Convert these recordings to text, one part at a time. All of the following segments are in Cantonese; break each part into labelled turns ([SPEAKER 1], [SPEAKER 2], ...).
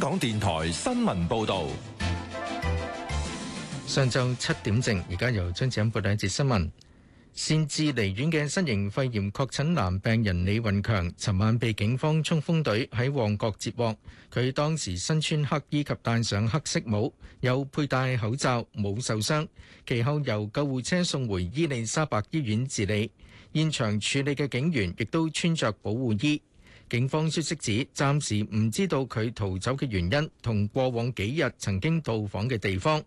[SPEAKER 1] 香港電台新聞報
[SPEAKER 2] 道：上晝七點正，而家由張子欣播兩節新聞。擅自離院嘅新型肺炎確診男病人李雲強，尋晚被警方衝鋒隊喺旺角截獲。佢當時身穿黑衣及戴上黑色帽，有佩戴口罩，冇受傷。其後由救護車送回伊利沙伯醫院治理。現場處理嘅警員亦都穿着保護衣。警方消息指，暫時唔知道佢逃走嘅原因同過往幾日曾經到訪嘅地方。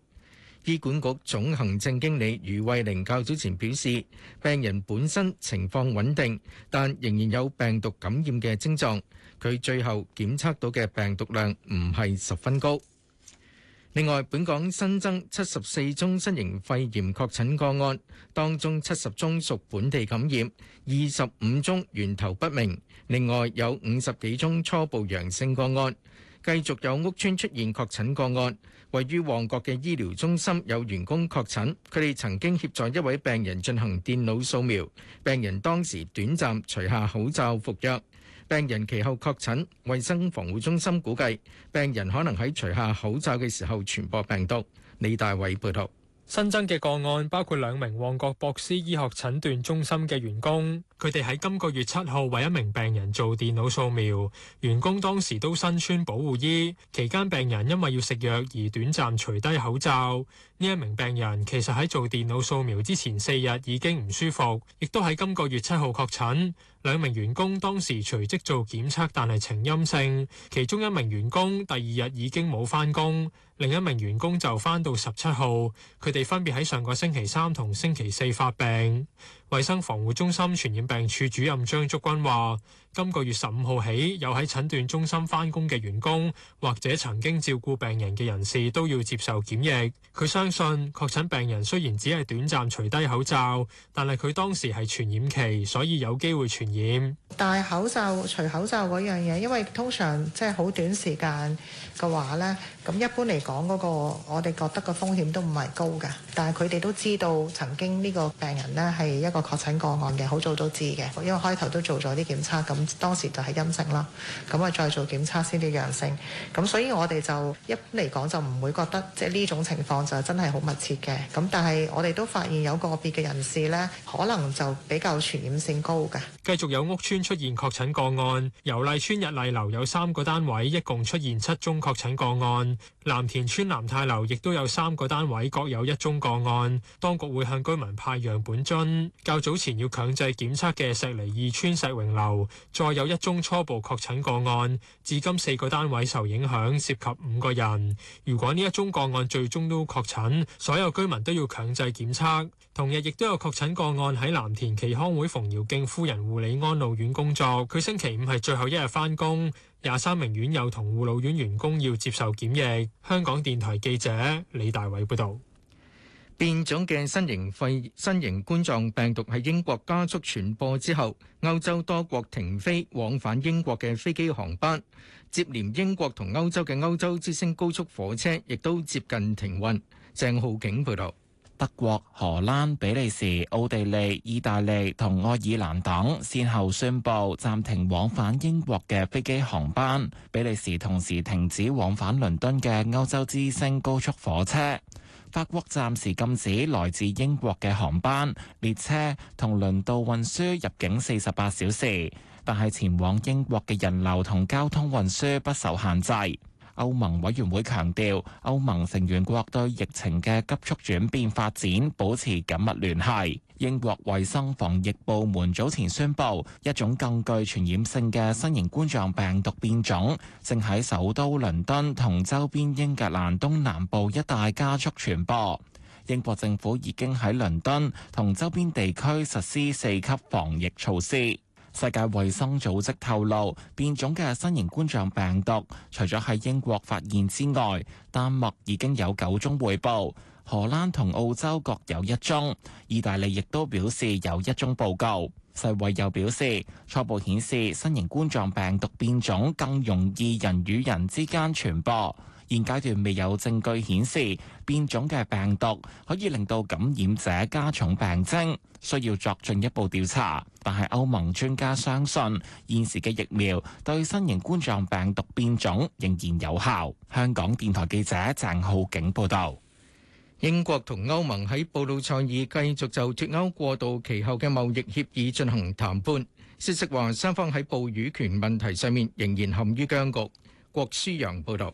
[SPEAKER 2] 醫管局總行政經理余慧玲較早前表示，病人本身情況穩定，但仍然有病毒感染嘅症狀，佢最後檢測到嘅病毒量唔係十分高。另外，本港新增七十四宗新型肺炎確診個案，當中七十宗屬本地感染，二十五宗源頭不明。另外有五十幾宗初步陽性個案，繼續有屋邨出現確診個案。位於旺角嘅醫療中心有員工確診，佢哋曾經協助一位病人進行電腦掃描，病人當時短暫除下口罩服藥。病人其後確診，衛生防護中心估計，病人可能喺除下口罩嘅時候傳播病毒。李大偉報道。
[SPEAKER 1] 新增嘅個案包括兩名旺角博斯醫學診斷中心嘅員工，佢哋喺今個月七號為一名病人做電腦掃描。員工當時都身穿保護衣，期間病人因為要食藥而短暫除低口罩。呢一名病人其實喺做電腦掃描之前四日已經唔舒服，亦都喺今個月七號確診。兩名員工當時隨即做檢測，但係呈陰性。其中一名員工第二日已經冇返工。另一名員工就返到十七號，佢哋分別喺上個星期三同星期四發病。衛生防護中心傳染病處主任張竹君話，今個月十五號起，有喺診斷中心翻工嘅員工或者曾經照顧病人嘅人士都要接受檢疫。佢相信確診病人雖然只係短暫除低口罩，但係佢當時係傳染期，所以有機會傳染。
[SPEAKER 3] 戴口罩、除口罩嗰樣嘢，因為通常即係好短時間嘅話咧，咁一般嚟講嗰個我哋覺得個風險都唔係高嘅。但係佢哋都知道曾經呢個病人咧係一個。確診個案嘅好早都知嘅，因為開頭都做咗啲檢測，咁當時就係陰性啦。咁啊，再做檢測先至陽性。咁所以我哋就一嚟講就唔會覺得即係呢種情況就真係好密切嘅。咁但係我哋都發現有個別嘅人士呢，可能就比較傳染性高嘅。
[SPEAKER 1] 繼續有屋邨出現確診個案，油麗邨、日麗樓有三個單位，一共出現七宗確診個案。藍田邨、藍泰樓亦都有三個單位，各有一宗個案。當局會向居民派樣本樽。較早前要強制檢測嘅石籬二村石榮樓，再有一宗初步確診個案，至今四個單位受影響，涉及五個人。如果呢一宗個案最終都確診，所有居民都要強制檢測。同日亦都有確診個案喺藍田耆康會馮堯敬夫人護理安老院工作，佢星期五係最後一日返工，廿三名院友同護老院員工要接受檢疫。香港電台記者李大偉報道。變種嘅新型肺新型
[SPEAKER 2] 冠狀病毒喺英國加速傳播之後，歐洲多國停飛往返英國嘅飛機航班，接連英國同歐洲嘅歐洲之星高速火車
[SPEAKER 3] 亦都接近停運。鄭浩景報道。德國、荷蘭、比利時、奧地利、意大利同愛爾蘭等，先後宣布暫停往返英國嘅飛機航班。比利時同時停止往返倫敦嘅歐洲之星高速火車。法國暫時禁止來自英國嘅航班、列車同輪渡運輸入境四十八小時，但係前往英國嘅人流同交通運輸不受限制。歐盟委員會強調，歐盟成員國對疫情嘅急速轉變發展保持緊密聯繫。英國衛生防疫部門早前宣布，一種更具傳染性嘅新型冠狀病毒變種正喺首都倫敦同周邊英格蘭東南部一帶加速傳播。英國政府已經喺倫敦同周邊地區實施四級防疫措施。世界衛生組織透露，變種嘅新型冠狀病毒除咗喺英國發現之外，丹麥已經有九宗匯報，荷蘭同澳洲各有一宗，意大利亦都表示有一宗報告。世衛又表示，初步顯示新型冠狀病毒變種更容易人與人之間傳播。現階段未有證據顯示變種嘅病毒可以令到感染者加重病徵，需要作進一步調查。但係歐盟專家相信，現時嘅疫苗對新型冠狀病毒變種仍然有效。香港電台記者鄭浩景報道。英國同歐盟喺布露倡議繼續就脫
[SPEAKER 2] 歐過渡期後嘅貿易協議進行談判。消息話，雙方喺捕魚權問題上面仍然陷於僵局。郭舒陽報道。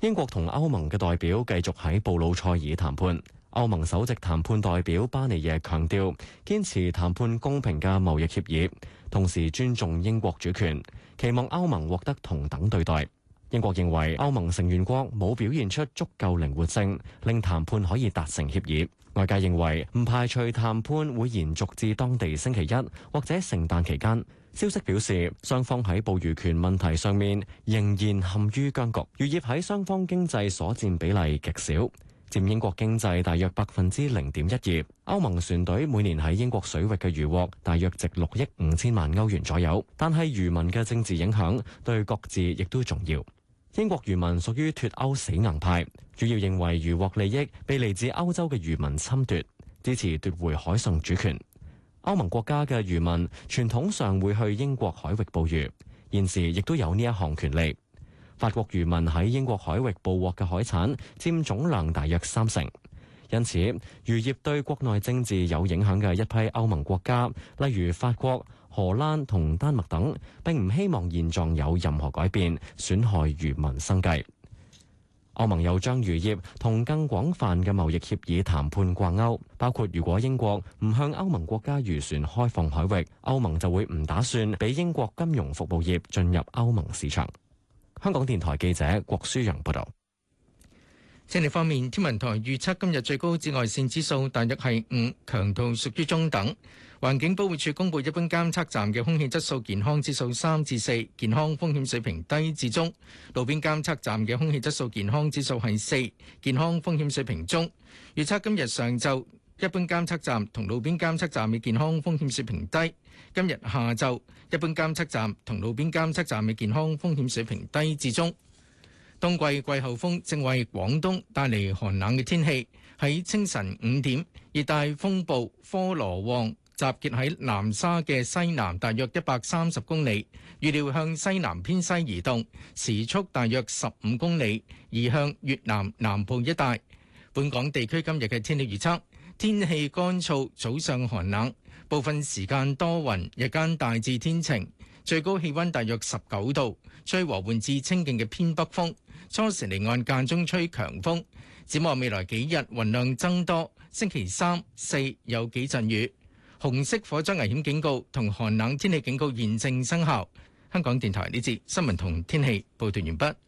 [SPEAKER 2] 英國同歐盟嘅代
[SPEAKER 4] 表繼續喺布魯塞爾談判。歐盟首席談判代表巴尼耶強調，堅持談判公平嘅貿易協議，同時尊重英國主權，期望歐盟獲得同等對待。英國認為歐盟成員國冇表現出足夠靈活性，令談判可以達成協議。外界認為唔排除談判會延續至當地星期一或者聖誕期間。消息表示，雙方喺捕魚權問題上面仍然陷於僵局，漁業喺雙方經濟所佔比例極少，佔英國經濟大約百分之零點一二。歐盟船隊每年喺英國水域嘅漁獲大約值六億五千萬歐元左右，但係漁民嘅政治影響對各自亦都重要。英國漁民屬於脱歐死硬派，主要認為漁獲利益被嚟自歐洲嘅漁民侵奪，支持奪回海上主權。歐盟國家嘅漁民傳統上會去英國海域捕魚，現時亦都有呢一項權利。法國漁民喺英國海域捕獲嘅海產佔總量大約三成，因此漁業對國內政治有影響嘅一批歐盟國家，例如法國、荷蘭同丹麥等，並唔希望現狀有任何改變，損害漁民生計。歐盟又將漁業同更廣泛嘅貿易協議談判掛鈎，包括如果英國唔向歐盟國家漁船開放海域，歐盟就會唔打算俾英國金融服務業進
[SPEAKER 2] 入歐盟市場。香港電台記者郭舒揚報道。天氣方面，天文台預測今日最高紫外線指數大約係五，強度屬於中等。環境保護署公布一般監測站嘅空氣質素健康指數三至四，健康風險水平低至中。路邊監測站嘅空氣質素健康指數係四，健康風險水平中。預測今日上晝一般監測站同路邊監測站嘅健康風險水平低。今日下晝一般監測站同路邊監測站嘅健康風險水平低至中。冬季季候風正為廣東帶嚟寒冷嘅天氣，喺清晨五點，熱帶風暴科羅旺集結喺南沙嘅西南，大約一百三十公里。預料向西南偏西移動，時速大約十五公里，移向越南南部一帶。本港地區今日嘅天氣預測，天氣乾燥，早上寒冷，部分時間多雲，日間大致天晴。最高氣溫大約十九度，吹和緩至清勁嘅偏北風，初時離岸間中吹強風。展望未來幾日雲量增多，星期三、四有幾陣雨。紅色火災危險警告同寒冷天氣警告現正生效。香港電台呢節新聞同天氣報道完畢。